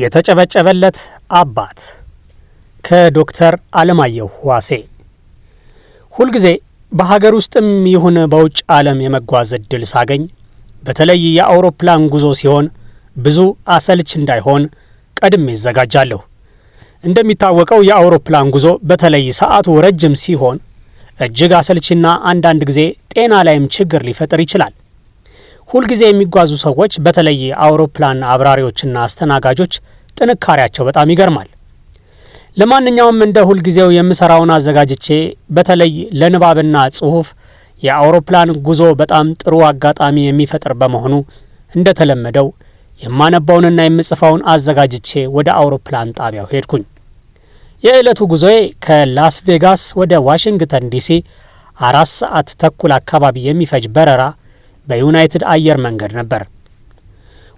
የተጨበጨበለት አባት ከዶክተር አለማየሁ ዋሴ። ሁልጊዜ በሀገር ውስጥም ይሁን በውጭ ዓለም የመጓዝ ዕድል ሳገኝ በተለይ የአውሮፕላን ጉዞ ሲሆን ብዙ አሰልች እንዳይሆን ቀድሜ ይዘጋጃለሁ። እንደሚታወቀው የአውሮፕላን ጉዞ በተለይ ሰዓቱ ረጅም ሲሆን እጅግ አሰልችና አንዳንድ ጊዜ ጤና ላይም ችግር ሊፈጥር ይችላል። ሁልጊዜ የሚጓዙ ሰዎች በተለይ አውሮፕላን አብራሪዎችና አስተናጋጆች ጥንካሬያቸው በጣም ይገርማል። ለማንኛውም እንደ ሁልጊዜው የምሰራውን አዘጋጅቼ በተለይ ለንባብና ጽሁፍ የአውሮፕላን ጉዞ በጣም ጥሩ አጋጣሚ የሚፈጥር በመሆኑ እንደተለመደው የማነባውንና የምጽፋውን አዘጋጅቼ ወደ አውሮፕላን ጣቢያው ሄድኩኝ። የዕለቱ ጉዞዬ ከላስ ቬጋስ ወደ ዋሽንግተን ዲሲ አራት ሰዓት ተኩል አካባቢ የሚፈጅ በረራ በዩናይትድ አየር መንገድ ነበር።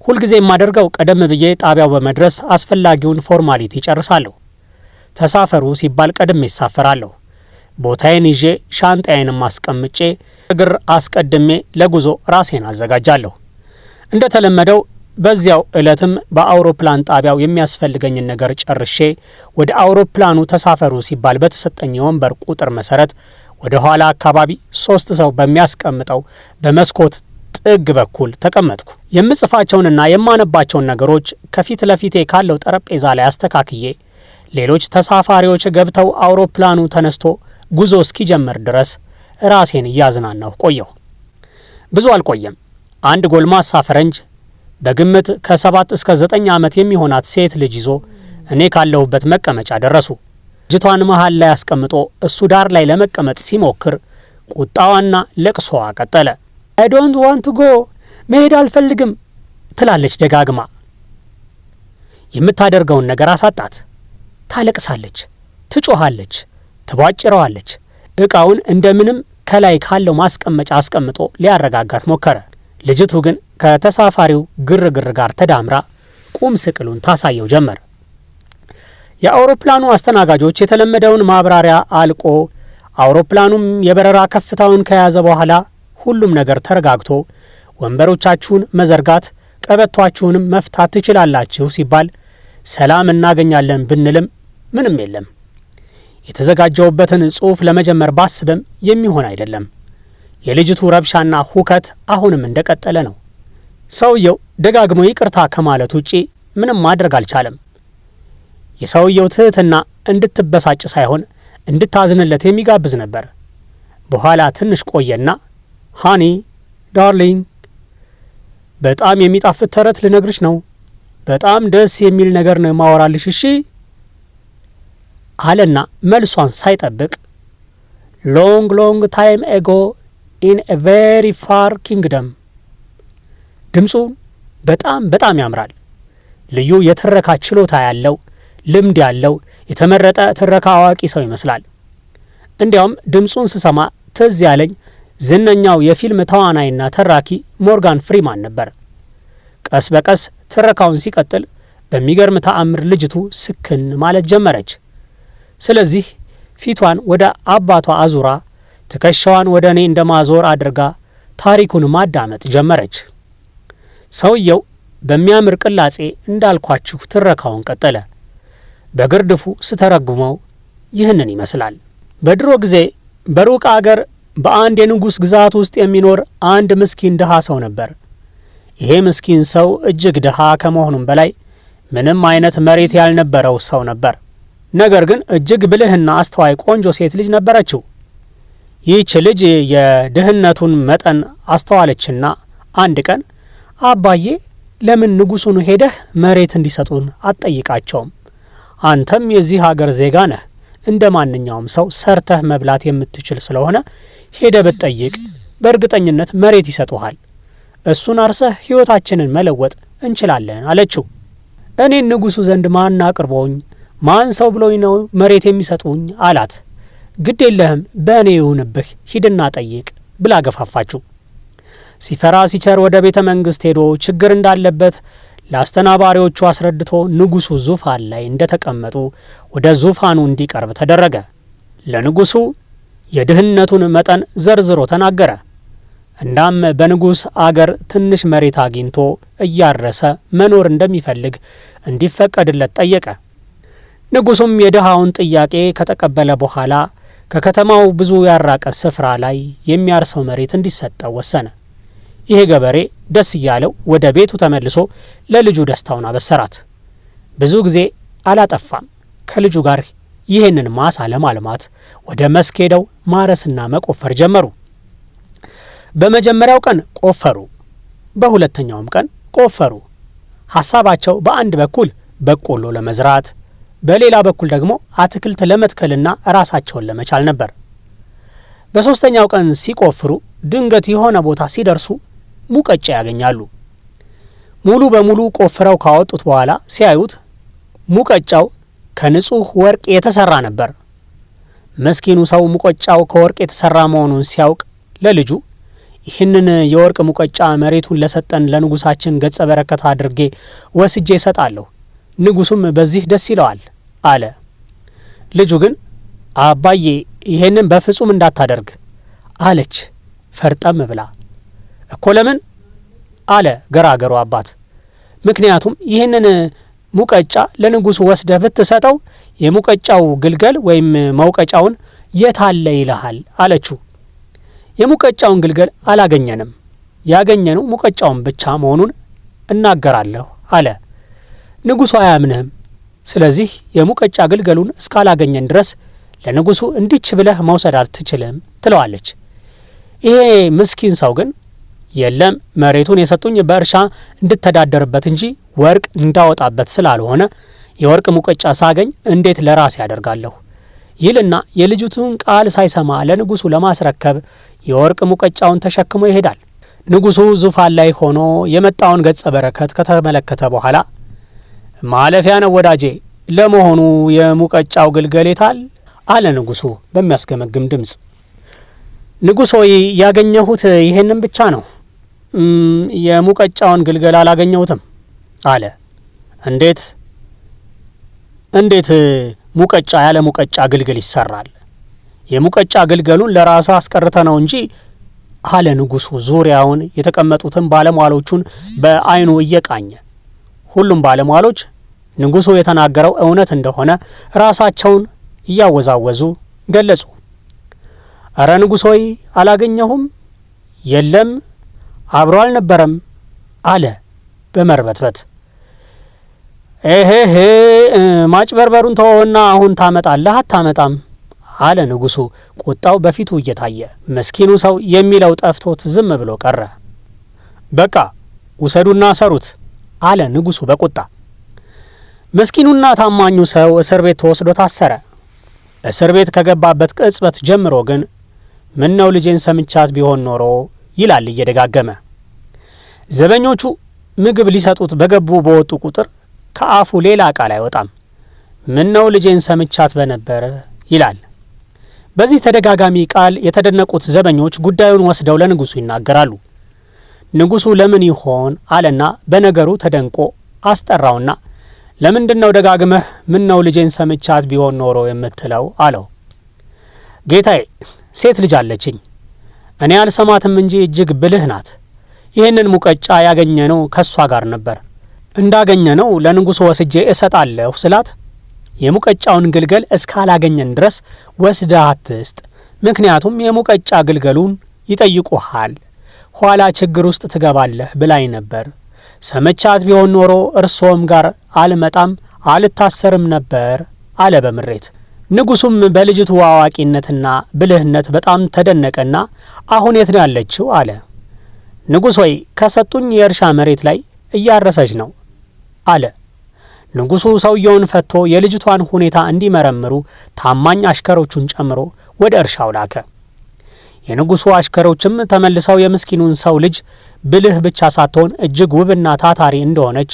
ሁልጊዜ የማደርገው ቀደም ብዬ ጣቢያው በመድረስ አስፈላጊውን ፎርማሊቲ ይጨርሳለሁ። ተሳፈሩ ሲባል ቀድሜ ይሳፈራለሁ። ቦታዬን ይዤ ሻንጣዬንም አስቀምጬ እግር አስቀድሜ ለጉዞ ራሴን አዘጋጃለሁ። እንደ ተለመደው በዚያው ዕለትም በአውሮፕላን ጣቢያው የሚያስፈልገኝን ነገር ጨርሼ ወደ አውሮፕላኑ ተሳፈሩ ሲባል በተሰጠኝ የወንበር ቁጥር መሰረት ወደ ኋላ አካባቢ ሶስት ሰው በሚያስቀምጠው በመስኮት ጥግ በኩል ተቀመጥኩ። የምጽፋቸውንና የማነባቸውን ነገሮች ከፊት ለፊቴ ካለው ጠረጴዛ ላይ አስተካክዬ ሌሎች ተሳፋሪዎች ገብተው አውሮፕላኑ ተነስቶ ጉዞ እስኪጀምር ድረስ ራሴን እያዝናናሁ ቆየሁ። ብዙ አልቆየም። አንድ ጎልማሳ ፈረንጅ በግምት ከሰባት እስከ ዘጠኝ ዓመት የሚሆናት ሴት ልጅ ይዞ እኔ ካለሁበት መቀመጫ ደረሱ። ልጅቷን መሃል ላይ አስቀምጦ እሱ ዳር ላይ ለመቀመጥ ሲሞክር ቁጣዋና ለቅሶዋ ቀጠለ። አይ ዶንት ዋንት ጎ መሄድ አልፈልግም ትላለች ደጋግማ። የምታደርገውን ነገር አሳጣት። ታለቅሳለች፣ ትጮኻለች፣ ትቧጭረዋለች። ዕቃውን እንደምንም ከላይ ካለው ማስቀመጫ አስቀምጦ ሊያረጋጋት ሞከረ። ልጅቱ ግን ከተሳፋሪው ግርግር ጋር ተዳምራ ቁም ስቅሉን ታሳየው ጀመር። የአውሮፕላኑ አስተናጋጆች የተለመደውን ማብራሪያ አልቆ አውሮፕላኑም የበረራ ከፍታውን ከያዘ በኋላ ሁሉም ነገር ተረጋግቶ ወንበሮቻችሁን መዘርጋት ቀበቷችሁንም መፍታት ትችላላችሁ ሲባል ሰላም እናገኛለን ብንልም ምንም የለም። የተዘጋጀውበትን ጽሑፍ ለመጀመር ባስብም የሚሆን አይደለም። የልጅቱ ረብሻና ሁከት አሁንም እንደቀጠለ ነው። ሰውየው ደጋግሞ ይቅርታ ከማለት ውጪ ምንም ማድረግ አልቻለም። የሰውየው ትህትና እንድትበሳጭ ሳይሆን እንድታዝንለት የሚጋብዝ ነበር። በኋላ ትንሽ ቆየና ሃኒ ዳርሊንግ በጣም የሚጣፍጥ ተረት ልነግርሽ ነው። በጣም ደስ የሚል ነገር ነው የማወራልሽ እሺ አለና መልሷን ሳይጠብቅ ሎንግ ሎንግ ታይም ኤጎ ኢን ኤ ቬሪ ፋር ኪንግደም። ድምፁ በጣም በጣም ያምራል። ልዩ የትረካ ችሎታ ያለው ልምድ ያለው የተመረጠ ትረካ አዋቂ ሰው ይመስላል። እንዲያውም ድምፁን ስሰማ ትዝ ያለኝ ዝነኛው የፊልም ተዋናይና ተራኪ ሞርጋን ፍሪማን ነበር። ቀስ በቀስ ትረካውን ሲቀጥል በሚገርም ተአምር ልጅቱ ስክን ማለት ጀመረች። ስለዚህ ፊቷን ወደ አባቷ አዙራ ትከሻዋን ወደ እኔ እንደማዞር አድርጋ ታሪኩን ማዳመጥ ጀመረች። ሰውየው በሚያምር ቅላጼ እንዳልኳችሁ ትረካውን ቀጠለ። በግርድፉ ስተረጉመው ይህንን ይመስላል። በድሮ ጊዜ በሩቅ አገር በአንድ የንጉሥ ግዛት ውስጥ የሚኖር አንድ ምስኪን ድሃ ሰው ነበር። ይሄ ምስኪን ሰው እጅግ ድሃ ከመሆኑም በላይ ምንም አይነት መሬት ያልነበረው ሰው ነበር። ነገር ግን እጅግ ብልህና አስተዋይ ቆንጆ ሴት ልጅ ነበረችው። ይህች ልጅ የድህነቱን መጠን አስተዋለችና አንድ ቀን አባዬ ለምን ንጉሡን ሄደህ መሬት እንዲሰጡን አትጠይቃቸውም? አንተም የዚህ አገር ዜጋ ነህ፣ እንደ ማንኛውም ሰው ሰርተህ መብላት የምትችል ስለሆነ ሄደ ብትጠይቅ በእርግጠኝነት መሬት ይሰጡሃል። እሱን አርሰህ ሕይወታችንን መለወጥ እንችላለን አለችው። እኔን ንጉሡ ዘንድ ማን አቅርቦኝ ማን ሰው ብሎኝ ነው መሬት የሚሰጡኝ አላት። ግድ የለህም በእኔ ይሁንብህ፣ ሂድና ጠይቅ ብላ ገፋፋችው። ሲፈራ ሲቸር ወደ ቤተ መንግሥት ሄዶ ችግር እንዳለበት ለአስተናባሪዎቹ አስረድቶ ንጉሡ ዙፋን ላይ እንደ ተቀመጡ ወደ ዙፋኑ እንዲቀርብ ተደረገ። ለንጉሡ የድህነቱን መጠን ዘርዝሮ ተናገረ። እናም በንጉሥ አገር ትንሽ መሬት አግኝቶ እያረሰ መኖር እንደሚፈልግ እንዲፈቀድለት ጠየቀ። ንጉሡም የድሃውን ጥያቄ ከተቀበለ በኋላ ከከተማው ብዙ ያራቀ ስፍራ ላይ የሚያርሰው መሬት እንዲሰጠው ወሰነ። ይሄ ገበሬ ደስ እያለው ወደ ቤቱ ተመልሶ ለልጁ ደስታውን አበሰራት። ብዙ ጊዜ አላጠፋም፣ ከልጁ ጋር ይህንን ማሳ ለማልማት ወደ መስክ ሄደው ማረስና መቆፈር ጀመሩ። በመጀመሪያው ቀን ቆፈሩ፣ በሁለተኛውም ቀን ቆፈሩ። ሐሳባቸው በአንድ በኩል በቆሎ ለመዝራት በሌላ በኩል ደግሞ አትክልት ለመትከልና ራሳቸውን ለመቻል ነበር። በሦስተኛው ቀን ሲቆፍሩ ድንገት የሆነ ቦታ ሲደርሱ ሙቀጫ ያገኛሉ። ሙሉ በሙሉ ቆፍረው ካወጡት በኋላ ሲያዩት ሙቀጫው ከንጹህ ወርቅ የተሰራ ነበር። መስኪኑ ሰው ሙቀጫው ከወርቅ የተሰራ መሆኑን ሲያውቅ ለልጁ ይህንን የወርቅ ሙቀጫ መሬቱን ለሰጠን ለንጉሳችን ገጸ በረከት አድርጌ ወስጄ እሰጣለሁ፣ ንጉሱም በዚህ ደስ ይለዋል አለ። ልጁ ግን አባዬ ይሄንን በፍጹም እንዳታደርግ አለች ፈርጠም ብላ። እኮ ለምን አለ ገራገሩ አባት። ምክንያቱም ይህንን ሙቀጫ ለንጉሱ ወስደህ ብትሰጠው የሙቀጫው ግልገል ወይም መውቀጫውን የታለ ይልሃል አለችው። የሙቀጫውን ግልገል አላገኘንም፣ ያገኘነው ሙቀጫውን ብቻ መሆኑን እናገራለሁ አለ። ንጉሱ አያምንህም። ስለዚህ የሙቀጫ ግልገሉን እስካላገኘን ድረስ ለንጉሱ እንዲች ብለህ መውሰድ አትችልም ትለዋለች። ይሄ ምስኪን ሰው ግን የለም መሬቱን የሰጡኝ በእርሻ እንድተዳደርበት እንጂ ወርቅ እንዳወጣበት ስላልሆነ የወርቅ ሙቀጫ ሳገኝ እንዴት ለራሴ ያደርጋለሁ ይልና የልጅቱን ቃል ሳይሰማ ለንጉሱ ለማስረከብ የወርቅ ሙቀጫውን ተሸክሞ ይሄዳል። ንጉሱ ዙፋን ላይ ሆኖ የመጣውን ገጸ በረከት ከተመለከተ በኋላ ማለፊያ ነው ወዳጄ፣ ለመሆኑ የሙቀጫው ግልገሌታል አለ ንጉሱ በሚያስገመግም ድምፅ። ንጉሶ ያገኘሁት ይሄንን ብቻ ነው የሙቀጫውን ግልገል አላገኘሁትም አለ። እንዴት እንዴት ሙቀጫ ያለ ሙቀጫ ግልገል ይሰራል? የሙቀጫ ግልገሉን ለራስህ አስቀርተ ነው እንጂ አለ ንጉሱ ዙሪያውን የተቀመጡትን ባለሟሎቹን በአይኑ እየቃኘ ሁሉም ባለሟሎች ንጉሱ የተናገረው እውነት እንደሆነ ራሳቸውን እያወዛወዙ ገለጹ። እረ ንጉሶይ አላገኘሁም የለም አብሮ አልነበረም አለ በመርበትበት። ይሄ ማጭበርበሩን ተወውና አሁን ታመጣለህ አታመጣም አለ ንጉሡ ቁጣው በፊቱ እየታየ። ምስኪኑ ሰው የሚለው ጠፍቶት ዝም ብሎ ቀረ። በቃ ውሰዱና ሰሩት አለ ንጉሡ በቁጣ። ምስኪኑና ታማኙ ሰው እስር ቤት ተወስዶ ታሰረ። እስር ቤት ከገባበት ቅጽበት ጀምሮ ግን ምነው ልጄን ሰምቻት ቢሆን ኖሮ ይላል እየደጋገመ። ዘበኞቹ ምግብ ሊሰጡት በገቡ በወጡ ቁጥር ከአፉ ሌላ ቃል አይወጣም። ነው ልጄን ሰምቻት በነበረ ይላል። በዚህ ተደጋጋሚ ቃል የተደነቁት ዘበኞች ጉዳዩን ወስደው ለንጉሱ ይናገራሉ። ንጉሱ ለምን ይሆን አለና በነገሩ ተደንቆ አስጠራውና ለምንድን ነው ደጋግመህ ምን ነው ልጄን ሰምቻት ቢሆን ኖሮ የምትለው? አለው። ጌታዬ ሴት ልጅ አለችኝ እኔ አልሰማትም እንጂ እጅግ ብልህ ናት። ይህንን ሙቀጫ ያገኘነው ከእሷ ጋር ነበር። እንዳገኘነው ለንጉሡ ወስጄ እሰጣለሁ ስላት የሙቀጫውን ግልገል እስካላገኘን ድረስ ወስዳ አትስጥ፣ ምክንያቱም የሙቀጫ ግልገሉን ይጠይቁሃል፣ ኋላ ችግር ውስጥ ትገባለህ ብላኝ ነበር። ሰመቻት ቢሆን ኖሮ እርሶም ጋር አልመጣም አልታሰርም ነበር አለ በምሬት። ንጉሱም በልጅቱ አዋቂነትና ብልህነት በጣም ተደነቀና አሁን የት ነው ያለችው? አለ። ንጉሥ ሆይ ከሰጡኝ የእርሻ መሬት ላይ እያረሰች ነው አለ። ንጉሱ ሰውየውን ፈቶ የልጅቷን ሁኔታ እንዲመረምሩ ታማኝ አሽከሮቹን ጨምሮ ወደ እርሻው ላከ። የንጉሱ አሽከሮችም ተመልሰው የምስኪኑን ሰው ልጅ ብልህ ብቻ ሳትሆን እጅግ ውብና ታታሪ እንደሆነች፣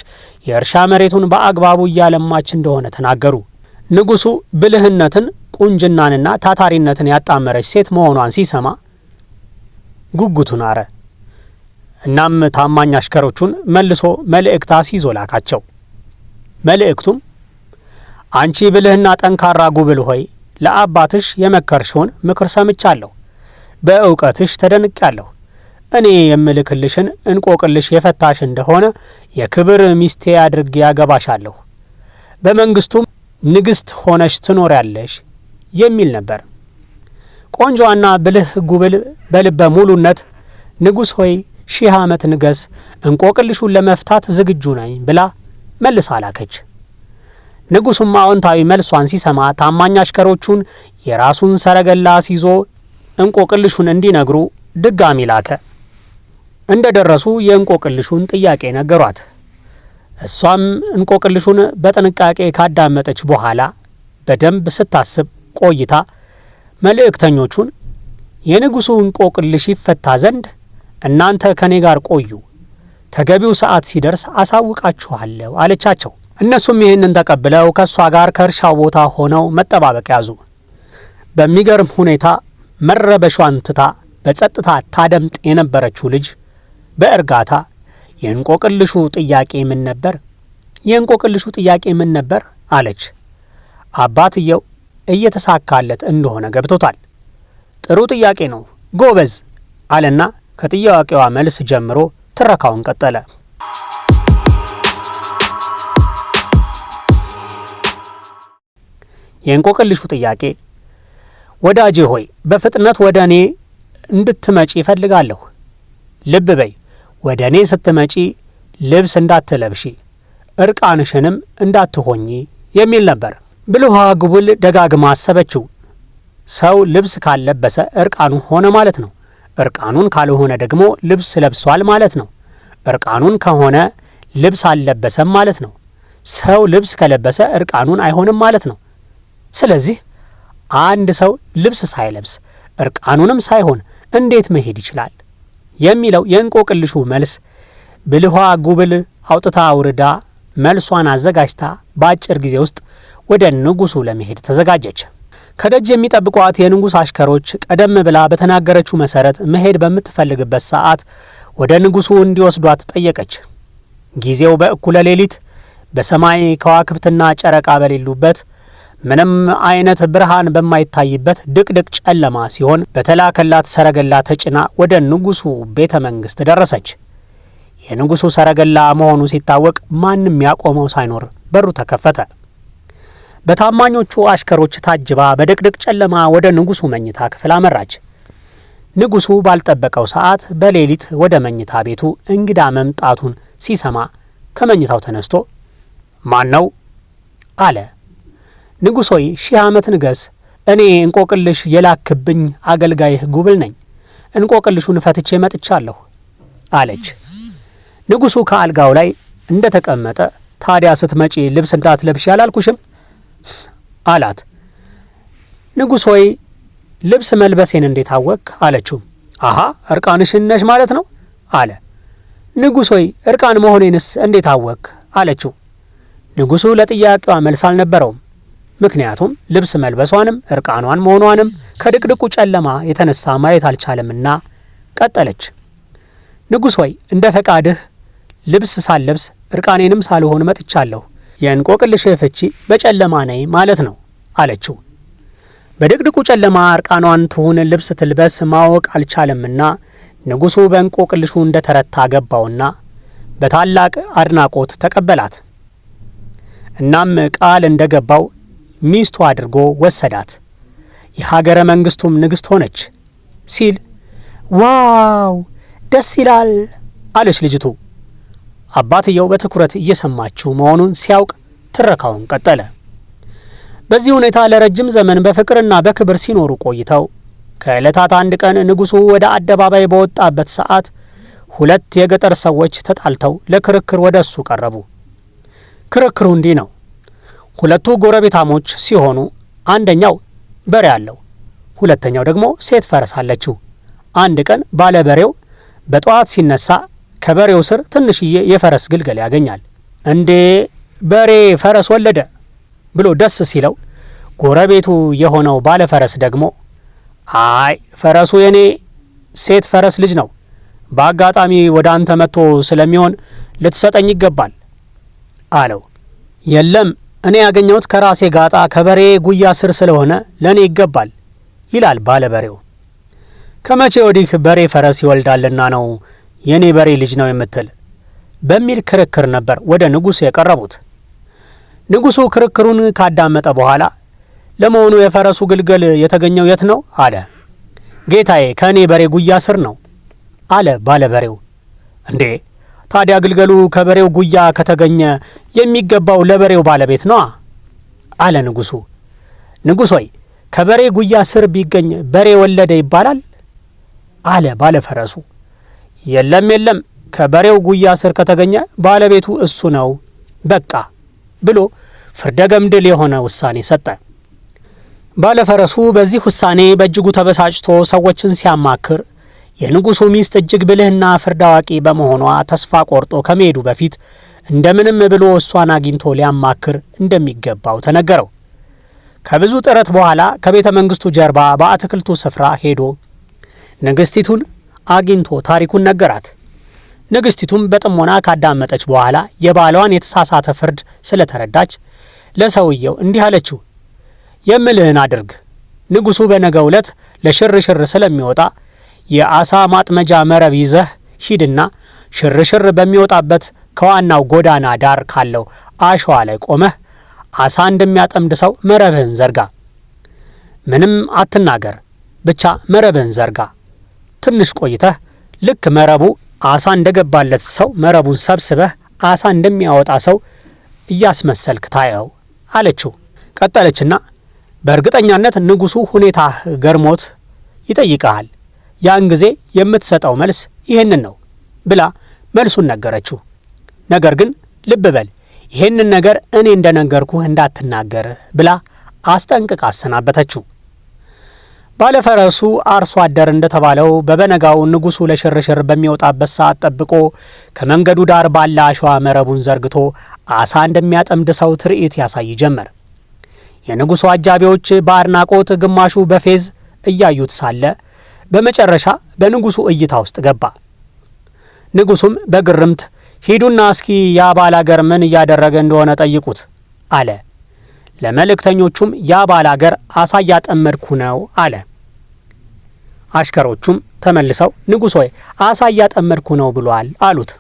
የእርሻ መሬቱን በአግባቡ እያለማች እንደሆነ ተናገሩ። ንጉሱ ብልህነትን ቁንጅናንና ታታሪነትን ያጣመረች ሴት መሆኗን ሲሰማ ጉጉቱን አረ። እናም ታማኝ አሽከሮቹን መልሶ መልእክት አስይዞ ላካቸው። መልእክቱም አንቺ ብልህና ጠንካራ ጉብል ሆይ ለአባትሽ የመከርሽውን ምክር ሰምቻለሁ፣ በእውቀትሽ ተደንቅያለሁ እኔ የምልክልሽን እንቆቅልሽ የፈታሽ እንደሆነ የክብር ሚስቴ አድርጌ ያገባሻለሁ። በመንግስቱም ንግስት ሆነሽ ትኖሪያለሽ የሚል ነበር። ቆንጆዋና ብልህ ጉብል በልበ ሙሉነት ንጉሥ ሆይ ሺህ ዓመት ንገስ፣ እንቆቅልሹን ለመፍታት ዝግጁ ነኝ ብላ መልሳ ላከች። ንጉሡም አዎንታዊ መልሷን ሲሰማ ታማኝ አሽከሮቹን የራሱን ሰረገላ ሲዞ እንቆቅልሹን እንዲነግሩ ድጋሚ ላከ። እንደ ደረሱ የእንቆቅልሹን ጥያቄ ነገሯት። እሷም እንቆቅልሹን በጥንቃቄ ካዳመጠች በኋላ በደንብ ስታስብ ቆይታ መልእክተኞቹን የንጉሡ እንቆቅልሽ ይፈታ ዘንድ እናንተ ከኔ ጋር ቆዩ፣ ተገቢው ሰዓት ሲደርስ አሳውቃችኋለሁ አለቻቸው። እነሱም ይህንን ተቀብለው ከእሷ ጋር ከእርሻ ቦታ ሆነው መጠባበቅ ያዙ። በሚገርም ሁኔታ መረበሿን ትታ በጸጥታ ታደምጥ የነበረችው ልጅ በእርጋታ የእንቆቅልሹ ጥያቄ ምን ነበር? የእንቆቅልሹ ጥያቄ ምን ነበር? አለች። አባትየው እየተሳካለት እንደሆነ ገብቶታል። ጥሩ ጥያቄ ነው ጎበዝ አለና ከጥያቄዋ መልስ ጀምሮ ትረካውን ቀጠለ። የእንቆቅልሹ ጥያቄ ወዳጄ ሆይ በፍጥነት ወደ እኔ እንድትመጪ ይፈልጋለሁ። ልብ በይ ወደ እኔ ስትመጪ ልብስ እንዳትለብሺ እርቃንሽንም እንዳትሆኚ የሚል ነበር። ብልሃ ጉብል ደጋግማ አሰበችው። ሰው ልብስ ካልለበሰ እርቃኑ ሆነ ማለት ነው። እርቃኑን ካልሆነ ደግሞ ልብስ ለብሷል ማለት ነው። እርቃኑን ከሆነ ልብስ አልለበሰም ማለት ነው። ሰው ልብስ ከለበሰ እርቃኑን አይሆንም ማለት ነው። ስለዚህ አንድ ሰው ልብስ ሳይለብስ እርቃኑንም ሳይሆን እንዴት መሄድ ይችላል? የሚለው የእንቆቅልሹ መልስ ብልሃ ጉብል አውጥታ አውርዳ መልሷን አዘጋጅታ በአጭር ጊዜ ውስጥ ወደ ንጉሱ ለመሄድ ተዘጋጀች። ከደጅ የሚጠብቋት የንጉስ አሽከሮች ቀደም ብላ በተናገረችው መሰረት መሄድ በምትፈልግበት ሰዓት ወደ ንጉሱ እንዲወስዷት ጠየቀች። ጊዜው በእኩለ ሌሊት በሰማይ ከዋክብትና ጨረቃ በሌሉበት ምንም አይነት ብርሃን በማይታይበት ድቅድቅ ጨለማ ሲሆን በተላከላት ሰረገላ ተጭና ወደ ንጉሱ ቤተ መንግስት ደረሰች። የንጉሱ ሰረገላ መሆኑ ሲታወቅ ማንም ያቆመው ሳይኖር በሩ ተከፈተ። በታማኞቹ አሽከሮች ታጅባ በድቅድቅ ጨለማ ወደ ንጉሱ መኝታ ክፍል አመራች። ንጉሱ ባልጠበቀው ሰዓት በሌሊት ወደ መኝታ ቤቱ እንግዳ መምጣቱን ሲሰማ ከመኝታው ተነስቶ ማን ነው አለ። ንጉሥ ሆይ ሺህ ዓመት ንገስ። እኔ እንቆቅልሽ የላክብኝ አገልጋይህ ጉብል ነኝ። እንቆቅልሹን ፈትቼ መጥቻለሁ አለች። ንጉሡ ከአልጋው ላይ እንደ ተቀመጠ ታዲያ ስትመጪ ልብስ እንዳትለብሽ ያላልኩሽም አላት። ንጉሥ ሆይ ልብስ መልበሴን እንዴት አወቅ? አለችው። አሃ እርቃንሽን ነሽ ማለት ነው አለ። ንጉሥ ሆይ እርቃን መሆኔንስ እንዴት አወቅ? አለችው። ንጉሡ ለጥያቄዋ መልስ አልነበረውም። ምክንያቱም ልብስ መልበሷንም እርቃኗን መሆኗንም ከድቅድቁ ጨለማ የተነሳ ማየት አልቻለምና። ቀጠለች። ንጉሥ ሆይ እንደ ፈቃድህ ልብስ ሳልለብስ እርቃኔንም ሳልሆን መጥቻለሁ። የእንቆቅልሽ ፍቺ በጨለማ ነይ ማለት ነው አለችው። በድቅድቁ ጨለማ እርቃኗን ትሁን ልብስ ትልበስ ማወቅ አልቻለምና ንጉሡ በእንቆቅልሹ እንደ ተረታ ገባውና በታላቅ አድናቆት ተቀበላት። እናም ቃል እንደ ገባው ሚስቱ አድርጎ ወሰዳት። የሀገረ መንግስቱም ንግስት ሆነች ሲል ዋው ደስ ይላል አለች ልጅቱ። አባትየው በትኩረት እየሰማችው መሆኑን ሲያውቅ ትረካውን ቀጠለ። በዚህ ሁኔታ ለረጅም ዘመን በፍቅርና በክብር ሲኖሩ ቆይተው ከዕለታት አንድ ቀን ንጉሡ ወደ አደባባይ በወጣበት ሰዓት ሁለት የገጠር ሰዎች ተጣልተው ለክርክር ወደ እሱ ቀረቡ። ክርክሩ እንዲህ ነው። ሁለቱ ጎረቤታሞች ሲሆኑ አንደኛው በሬ አለው፣ ሁለተኛው ደግሞ ሴት ፈረስ አለችው። አንድ ቀን ባለ በሬው በጠዋት ሲነሳ ከበሬው ስር ትንሽዬ የፈረስ ግልገል ያገኛል። እንዴ በሬ ፈረስ ወለደ ብሎ ደስ ሲለው ጎረቤቱ የሆነው ባለ ፈረስ ደግሞ አይ ፈረሱ የኔ ሴት ፈረስ ልጅ ነው፣ በአጋጣሚ ወደ አንተ መጥቶ ስለሚሆን ልትሰጠኝ ይገባል አለው። የለም እኔ ያገኘሁት ከራሴ ጋጣ ከበሬ ጉያ ስር ስለሆነ ለእኔ ይገባል ይላል ባለበሬው። ከመቼ ወዲህ በሬ ፈረስ ይወልዳልና ነው የእኔ በሬ ልጅ ነው የምትል በሚል ክርክር ነበር ወደ ንጉሡ የቀረቡት። ንጉሡ ክርክሩን ካዳመጠ በኋላ ለመሆኑ የፈረሱ ግልገል የተገኘው የት ነው? አለ። ጌታዬ፣ ከእኔ በሬ ጉያ ስር ነው አለ ባለበሬው። እንዴ ታዲያ ግልገሉ ከበሬው ጉያ ከተገኘ የሚገባው ለበሬው ባለቤት ነዋ አለ ንጉሱ ንጉሥ ሆይ ከበሬ ጉያ ስር ቢገኝ በሬ ወለደ ይባላል አለ ባለፈረሱ። የለም የለም፣ ከበሬው ጉያ ስር ከተገኘ ባለቤቱ እሱ ነው በቃ ብሎ ፍርደ ገምድል የሆነ ውሳኔ ሰጠ። ባለፈረሱ በዚህ ውሳኔ በእጅጉ ተበሳጭቶ ሰዎችን ሲያማክር የንጉሱ ሚስት እጅግ ብልህና ፍርድ አዋቂ በመሆኗ ተስፋ ቆርጦ ከመሄዱ በፊት እንደምንም ብሎ እሷን አግኝቶ ሊያማክር እንደሚገባው ተነገረው። ከብዙ ጥረት በኋላ ከቤተ መንግስቱ ጀርባ በአትክልቱ ስፍራ ሄዶ ንግሥቲቱን አግኝቶ ታሪኩን ነገራት። ንግሥቲቱም በጥሞና ካዳመጠች በኋላ የባሏን የተሳሳተ ፍርድ ስለተረዳች ለሰውየው እንዲህ አለችው፣ የምልህን አድርግ። ንጉሡ በነገ ዕለት ለሽርሽር ስለሚወጣ የአሳ ማጥመጃ መረብ ይዘህ ሂድና ሽርሽር በሚወጣበት ከዋናው ጎዳና ዳር ካለው አሸዋ ላይ ቆመህ አሳ እንደሚያጠምድ ሰው መረብህን ዘርጋ። ምንም አትናገር፣ ብቻ መረብህን ዘርጋ። ትንሽ ቆይተህ ልክ መረቡ አሳ እንደገባለት ሰው መረቡን ሰብስበህ አሳ እንደሚያወጣ ሰው እያስመሰልክ ታየው አለችው። ቀጠለችና በእርግጠኛነት ንጉሱ ሁኔታ ገርሞት ይጠይቀሃል። ያን ጊዜ የምትሰጠው መልስ ይህንን ነው ብላ መልሱን ነገረችው። ነገር ግን ልብ በል ይህንን ነገር እኔ እንደነገርኩህ እንዳትናገር ብላ አስጠንቅቃ አሰናበተችው። ባለፈረሱ አርሶ አደር እንደተባለው በበነጋው ንጉሡ ለሽርሽር በሚወጣበት ሰዓት ጠብቆ ከመንገዱ ዳር ባለ አሸዋ መረቡን ዘርግቶ አሳ እንደሚያጠምድ ሰው ትርኢት ያሳይ ጀመር። የንጉሡ አጃቢዎች በአድናቆት ግማሹ በፌዝ እያዩት ሳለ በመጨረሻ በንጉሱ እይታ ውስጥ ገባ። ንጉሱም በግርምት ሂዱና እስኪ ያ ባላገር ምን እያደረገ እንደሆነ ጠይቁት አለ። ለመልእክተኞቹም ያ ባላገር አሳ እያጠመድኩ ነው አለ። አሽከሮቹም ተመልሰው ንጉሥ ሆይ አሳ እያጠመድኩ ነው ብሏል አሉት።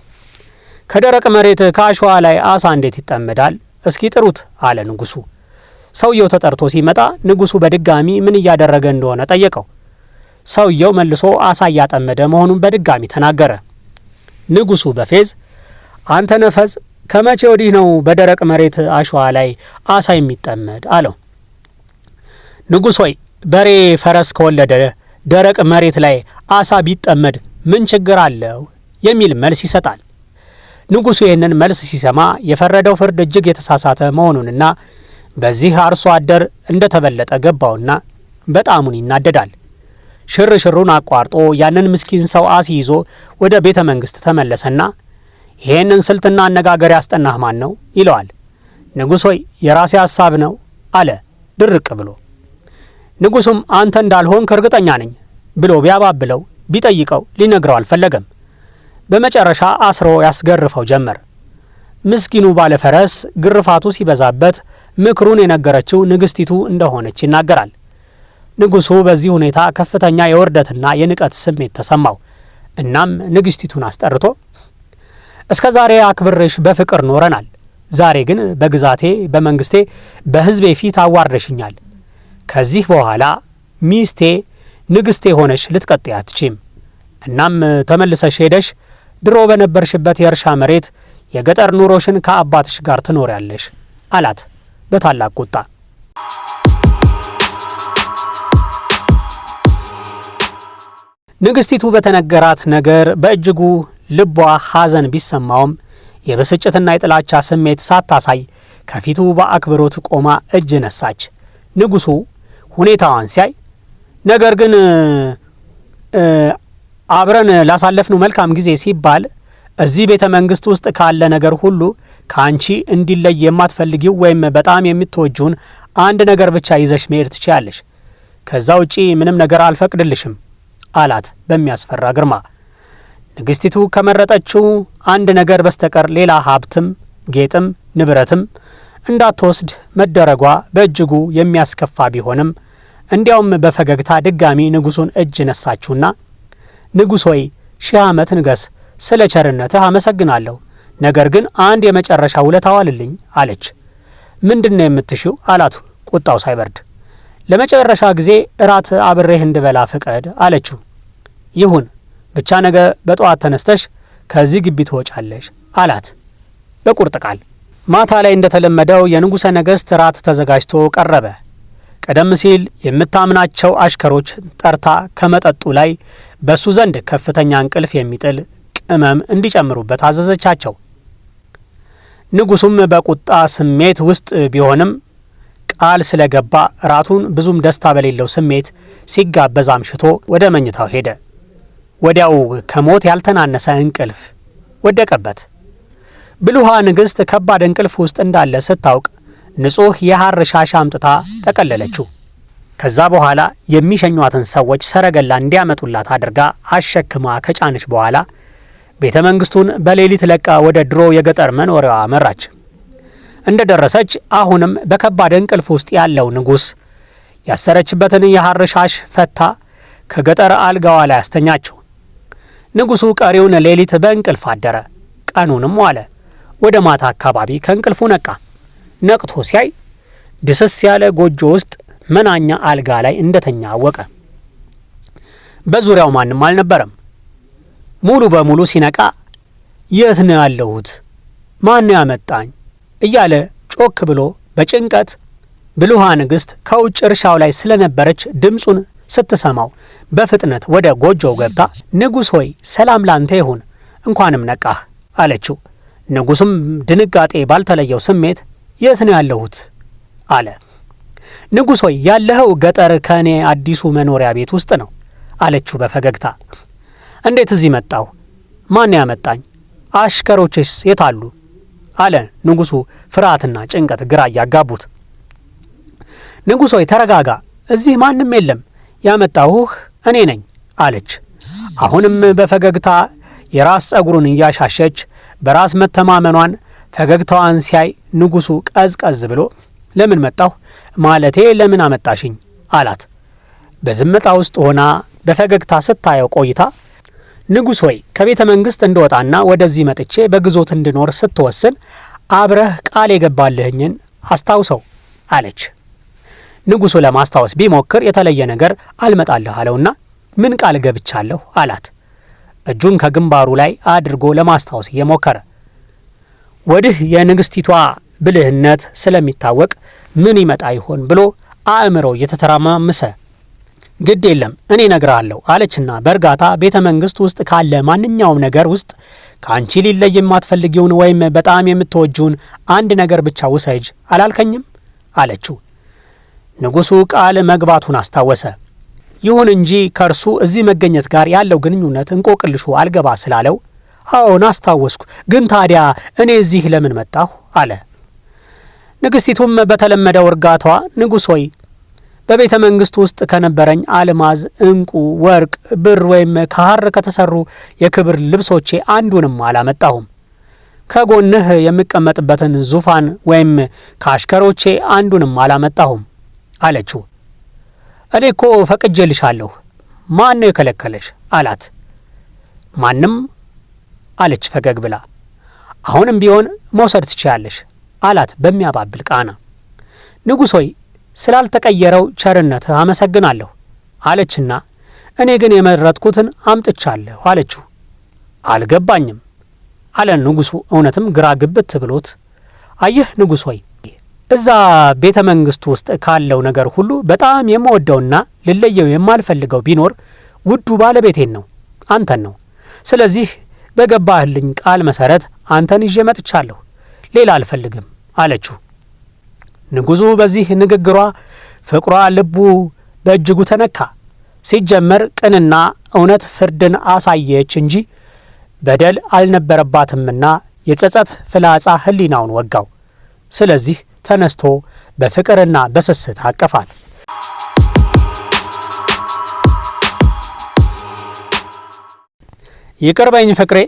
ከደረቅ መሬት ከአሸዋ ላይ አሳ እንዴት ይጠመዳል? እስኪ ጥሩት አለ ንጉሱ። ሰውየው ተጠርቶ ሲመጣ ንጉሱ በድጋሚ ምን እያደረገ እንደሆነ ጠየቀው። ሰውየው መልሶ አሳ እያጠመደ መሆኑን በድጋሚ ተናገረ። ንጉሱ በፌዝ አንተ ነፈዝ ከመቼ ወዲህ ነው በደረቅ መሬት አሸዋ ላይ አሳ የሚጠመድ? አለው። ንጉሥ ሆይ በሬ ፈረስ ከወለደ ደረቅ መሬት ላይ አሳ ቢጠመድ ምን ችግር አለው? የሚል መልስ ይሰጣል። ንጉሡ ይህንን መልስ ሲሰማ የፈረደው ፍርድ እጅግ የተሳሳተ መሆኑንና በዚህ አርሶ አደር እንደተበለጠ ገባውና በጣሙን ይናደዳል። ሽርሽሩን አቋርጦ ያንን ምስኪን ሰው አስይዞ ወደ ቤተ መንግስት ተመለሰና ይሄንን ስልትና አነጋገር ያስጠናህ ማን ነው ይለዋል። ንጉሥ ሆይ የራሴ ሐሳብ ነው አለ ድርቅ ብሎ። ንጉሱም አንተ እንዳልሆንክ እርግጠኛ ነኝ ብሎ ቢያባብለው ቢጠይቀው ሊነግረው አልፈለገም። በመጨረሻ አስሮ ያስገርፈው ጀመር። ምስኪኑ ባለፈረስ ግርፋቱ ሲበዛበት ምክሩን የነገረችው ንግሥቲቱ እንደሆነች ይናገራል። ንጉሱ በዚህ ሁኔታ ከፍተኛ የውርደትና የንቀት ስሜት ተሰማው። እናም ንግስቲቱን አስጠርቶ እስከ ዛሬ አክብርሽ በፍቅር ኖረናል። ዛሬ ግን በግዛቴ፣ በመንግስቴ፣ በህዝቤ ፊት አዋርደሽኛል። ከዚህ በኋላ ሚስቴ፣ ንግስቴ ሆነሽ ልትቀጥ አትችም። እናም ተመልሰሽ ሄደሽ ድሮ በነበርሽበት የእርሻ መሬት የገጠር ኑሮሽን ከአባትሽ ጋር ትኖሪያለሽ አላት በታላቅ ቁጣ። ንግስቲቱ በተነገራት ነገር በእጅጉ ልቧ ሐዘን ቢሰማውም የብስጭትና የጥላቻ ስሜት ሳታሳይ ከፊቱ በአክብሮት ቆማ እጅ ነሳች። ንጉሱ ሁኔታዋን ሲያይ ነገር ግን አብረን ላሳለፍነው መልካም ጊዜ ሲባል እዚህ ቤተ መንግስት ውስጥ ካለ ነገር ሁሉ ከአንቺ እንዲለይ የማትፈልጊው ወይም በጣም የምትወጂውን አንድ ነገር ብቻ ይዘሽ መሄድ ትችያለሽ። ከዛ ውጪ ምንም ነገር አልፈቅድልሽም አላት በሚያስፈራ ግርማ። ንግስቲቱ ከመረጠችው አንድ ነገር በስተቀር ሌላ ሀብትም ጌጥም ንብረትም እንዳትወስድ መደረጓ በእጅጉ የሚያስከፋ ቢሆንም እንዲያውም በፈገግታ ድጋሚ ንጉሱን እጅ ነሳችሁና ንጉሥ ሆይ ሺህ ዓመት ንገስ፣ ስለ ቸርነትህ አመሰግናለሁ። ነገር ግን አንድ የመጨረሻ ውለታ ዋልልኝ አለች። ምንድን ነው የምትሽው? አላት ቁጣው ሳይበርድ ለመጨረሻ ጊዜ እራት አብሬህ እንድበላ ፍቀድ አለችው። ይሁን ብቻ ነገ በጠዋት ተነስተሽ ከዚህ ግቢ ትወጫለሽ አላት በቁርጥ ቃል። ማታ ላይ እንደተለመደው የንጉሠ ነገሥት እራት ተዘጋጅቶ ቀረበ። ቀደም ሲል የምታምናቸው አሽከሮች ጠርታ ከመጠጡ ላይ በሱ ዘንድ ከፍተኛ እንቅልፍ የሚጥል ቅመም እንዲጨምሩበት አዘዘቻቸው። ንጉሡም በቁጣ ስሜት ውስጥ ቢሆንም ቃል ስለገባ ራቱን ብዙም ደስታ በሌለው ስሜት ሲጋበዝ አምሽቶ ወደ መኝታው ሄደ። ወዲያው ከሞት ያልተናነሰ እንቅልፍ ወደቀበት። ብልሃ ንግሥት ከባድ እንቅልፍ ውስጥ እንዳለ ስታውቅ ንጹሕ የሐር ሻሽ አምጥታ ጠቀለለችው። ከዛ በኋላ የሚሸኟትን ሰዎች ሰረገላ እንዲያመጡላት አድርጋ አሸክማ ከጫነች በኋላ ቤተ መንግሥቱን በሌሊት ለቃ ወደ ድሮ የገጠር መኖሪያዋ መራች። እንደደረሰች አሁንም በከባድ እንቅልፍ ውስጥ ያለው ንጉሥ ያሰረችበትን የሐር ሻሽ ፈታ ከገጠር አልጋዋ ላይ አስተኛችው። ንጉሡ ቀሪውን ሌሊት በእንቅልፍ አደረ፣ ቀኑንም ዋለ። ወደ ማታ አካባቢ ከእንቅልፉ ነቃ። ነቅቶ ሲያይ ድስስ ያለ ጎጆ ውስጥ መናኛ አልጋ ላይ እንደተኛ አወቀ። በዙሪያው ማንም አልነበረም። ሙሉ በሙሉ ሲነቃ የት ነው ያለሁት? ማን ነው ያመጣኝ? እያለ ጮክ ብሎ በጭንቀት ብልሃ ንግሥት ከውጭ እርሻው ላይ ስለነበረች ድምፁን ስትሰማው በፍጥነት ወደ ጎጆው ገብታ ንጉሥ ሆይ ሰላም ላንተ ይሁን፣ እንኳንም ነቃህ አለችው። ንጉሥም ድንጋጤ ባልተለየው ስሜት የት ነው ያለሁት አለ። ንጉሥ ሆይ ያለኸው ገጠር ከእኔ አዲሱ መኖሪያ ቤት ውስጥ ነው አለችው በፈገግታ። እንዴት እዚህ መጣሁ? ማን ያመጣኝ? አሽከሮችስ የት አሉ? አለ ንጉሱ ፍርሃትና ጭንቀት ግራ እያጋቡት። ንጉሥ ሆይ ተረጋጋ፣ እዚህ ማንም የለም፣ ያመጣሁህ እኔ ነኝ አለች። አሁንም በፈገግታ የራስ ጸጉሩን እያሻሸች በራስ መተማመኗን ፈገግታዋን ሲያይ ንጉሱ ቀዝቀዝ ብሎ ለምን መጣሁ ማለቴ ለምን አመጣሽኝ አላት። በዝምታ ውስጥ ሆና በፈገግታ ስታየው ቆይታ ንጉሥ ሆይ ከቤተ መንግሥት እንድወጣና ወደዚህ መጥቼ በግዞት እንድኖር ስትወስን አብረህ ቃል የገባልህኝን አስታውሰው አለች። ንጉሡ ለማስታወስ ቢሞክር የተለየ ነገር አልመጣልህ አለውና ምን ቃል ገብቻለሁ አላት። እጁን ከግንባሩ ላይ አድርጎ ለማስታወስ እየሞከረ ወዲህ የንግሥቲቷ ብልህነት ስለሚታወቅ ምን ይመጣ ይሆን ብሎ አእምሮ እየተተራማመሰ ግድ የለም እኔ ነግራለሁ አለችና በእርጋታ ቤተ መንግስት ውስጥ ካለ ማንኛውም ነገር ውስጥ ከአንቺ ሊለይ የማትፈልጊውን ወይም በጣም የምትወጁውን አንድ ነገር ብቻ ውሰጅ አላልከኝም? አለችው። ንጉሡ ቃል መግባቱን አስታወሰ። ይሁን እንጂ ከእርሱ እዚህ መገኘት ጋር ያለው ግንኙነት እንቆቅልሹ አልገባ ስላለው አዎን አስታወስኩ፣ ግን ታዲያ እኔ እዚህ ለምን መጣሁ? አለ። ንግሥቲቱም በተለመደው እርጋታዋ ንጉሶይ በቤተ መንግስት ውስጥ ከነበረኝ አልማዝ፣ እንቁ፣ ወርቅ፣ ብር ወይም ከሐር ከተሰሩ የክብር ልብሶቼ አንዱንም አላመጣሁም። ከጎንህ የምቀመጥበትን ዙፋን ወይም ከአሽከሮቼ አንዱንም አላመጣሁም አለችው። እኔ እኮ ፈቅጄልሻለሁ፣ ማን ነው የከለከለሽ? አላት። ማንም አለች ፈገግ ብላ። አሁንም ቢሆን መውሰድ ትችያለሽ አላት በሚያባብል ቃና። ንጉሥ ሆይ ስላልተቀየረው ቸርነት አመሰግናለሁ አለችና እኔ ግን የመረጥኩትን አምጥቻለሁ አለችው። አልገባኝም አለ ንጉሡ። እውነትም ግራ ግብት ብሎት አየህ ንጉሥ ሆይ እዛ ቤተ መንግሥቱ ውስጥ ካለው ነገር ሁሉ በጣም የምወደውና ልለየው የማልፈልገው ቢኖር ውዱ ባለቤቴን ነው፣ አንተን ነው። ስለዚህ በገባህልኝ ቃል መሰረት አንተን ይዤ መጥቻለሁ፣ ሌላ አልፈልግም አለችው። ንጉሡ በዚህ ንግግሯ ፍቅሯ ልቡ በእጅጉ ተነካ። ሲጀመር ቅንና እውነት ፍርድን አሳየች እንጂ በደል አልነበረባትምና የጸጸት ፍላጻ ሕሊናውን ወጋው። ስለዚህ ተነስቶ በፍቅርና በስስት አቀፋት። ይቅርበኝ ፍቅሬ፣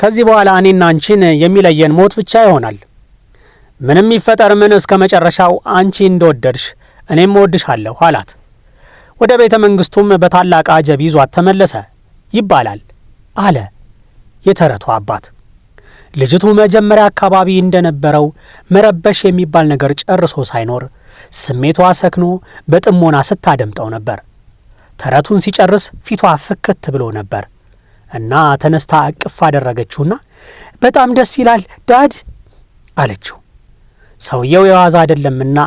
ከዚህ በኋላ እኔና አንቺን የሚለየን ሞት ብቻ ይሆናል። ምንም ይፈጠር ምን እስከ መጨረሻው አንቺ እንደወደድሽ እኔም እወድሻለሁ አላት። ወደ ቤተ መንግስቱም በታላቅ አጀብ ይዟት ተመለሰ ይባላል አለ የተረቱ አባት። ልጅቱ መጀመሪያ አካባቢ እንደነበረው መረበሽ የሚባል ነገር ጨርሶ ሳይኖር ስሜቷ ሰክኖ በጥሞና ስታደምጠው ነበር። ተረቱን ሲጨርስ ፊቷ ፍክት ብሎ ነበር እና ተነስታ እቅፍ አደረገችውና በጣም ደስ ይላል ዳድ አለችው። ሰውየው የዋዛ አይደለምና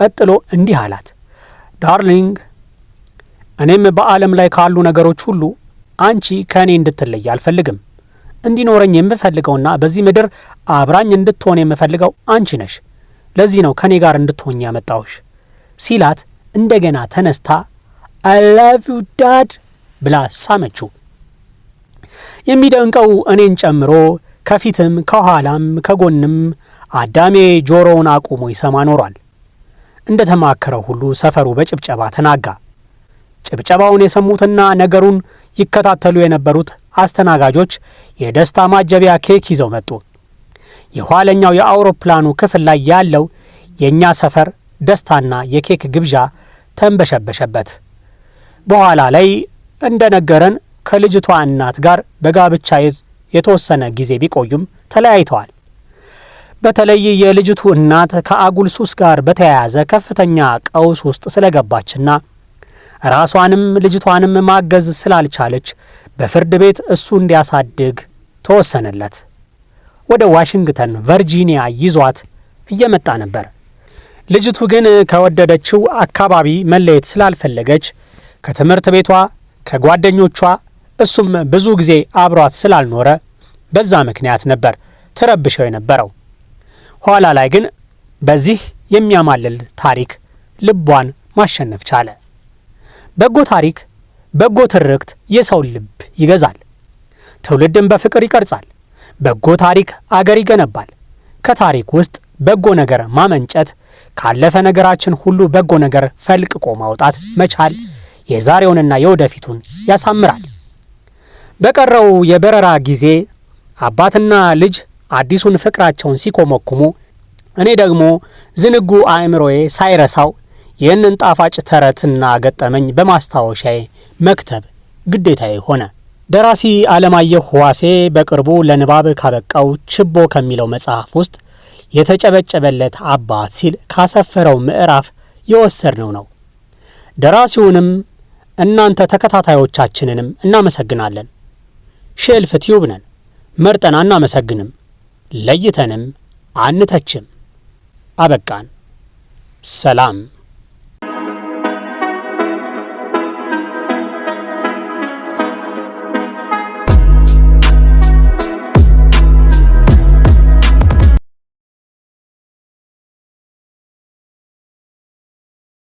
ቀጥሎ እንዲህ አላት፣ ዳርሊንግ እኔም በዓለም ላይ ካሉ ነገሮች ሁሉ አንቺ ከእኔ እንድትለይ አልፈልግም። እንዲኖረኝ የምፈልገውና በዚህ ምድር አብራኝ እንድትሆን የምፈልገው አንቺ ነሽ። ለዚህ ነው ከእኔ ጋር እንድትሆኝ ያመጣሁሽ ሲላት እንደገና ተነስታ አላቪው ዳድ ብላ ሳመችው። የሚደንቀው እኔን ጨምሮ ከፊትም ከኋላም ከጎንም አዳሜ ጆሮውን አቁሞ ይሰማ ኖሯል። እንደ ተማከረው ሁሉ ሰፈሩ በጭብጨባ ተናጋ። ጭብጨባውን የሰሙትና ነገሩን ይከታተሉ የነበሩት አስተናጋጆች የደስታ ማጀቢያ ኬክ ይዘው መጡ። የኋለኛው የአውሮፕላኑ ክፍል ላይ ያለው የእኛ ሰፈር ደስታና የኬክ ግብዣ ተንበሸበሸበት። በኋላ ላይ እንደነገረን ከልጅቷ እናት ጋር በጋብቻ የተወሰነ ጊዜ ቢቆዩም ተለያይተዋል። በተለይ የልጅቱ እናት ከአጉል ሱስ ጋር በተያያዘ ከፍተኛ ቀውስ ውስጥ ስለገባችና ራሷንም ልጅቷንም ማገዝ ስላልቻለች በፍርድ ቤት እሱ እንዲያሳድግ ተወሰነለት። ወደ ዋሽንግተን ቨርጂኒያ ይዟት እየመጣ ነበር። ልጅቱ ግን ከወደደችው አካባቢ መለየት ስላልፈለገች ከትምህርት ቤቷ፣ ከጓደኞቿ እሱም ብዙ ጊዜ አብሯት ስላልኖረ በዛ ምክንያት ነበር ትረብሸው የነበረው። ኋላ ላይ ግን በዚህ የሚያማልል ታሪክ ልቧን ማሸነፍ ቻለ። በጎ ታሪክ፣ በጎ ትርክት የሰውን ልብ ይገዛል፣ ትውልድን በፍቅር ይቀርጻል። በጎ ታሪክ አገር ይገነባል። ከታሪክ ውስጥ በጎ ነገር ማመንጨት፣ ካለፈ ነገራችን ሁሉ በጎ ነገር ፈልቅቆ ማውጣት መቻል የዛሬውንና የወደፊቱን ያሳምራል። በቀረው የበረራ ጊዜ አባትና ልጅ አዲሱን ፍቅራቸውን ሲኮመኩሙ እኔ ደግሞ ዝንጉ አእምሮዬ ሳይረሳው ይህንን ጣፋጭ ተረትና ገጠመኝ በማስታወሻዬ መክተብ ግዴታዬ ሆነ። ደራሲ አለማየሁ ህዋሴ በቅርቡ ለንባብ ካበቃው ችቦ ከሚለው መጽሐፍ ውስጥ የተጨበጨበለት አባት ሲል ካሰፈረው ምዕራፍ የወሰድነው ነው። ደራሲውንም እናንተ ተከታታዮቻችንንም እናመሰግናለን። ሼልፍ ቲዩብ ነን መርጠን አናመሰግንም። ለይተንም አንተችም። አበቃን። ሰላም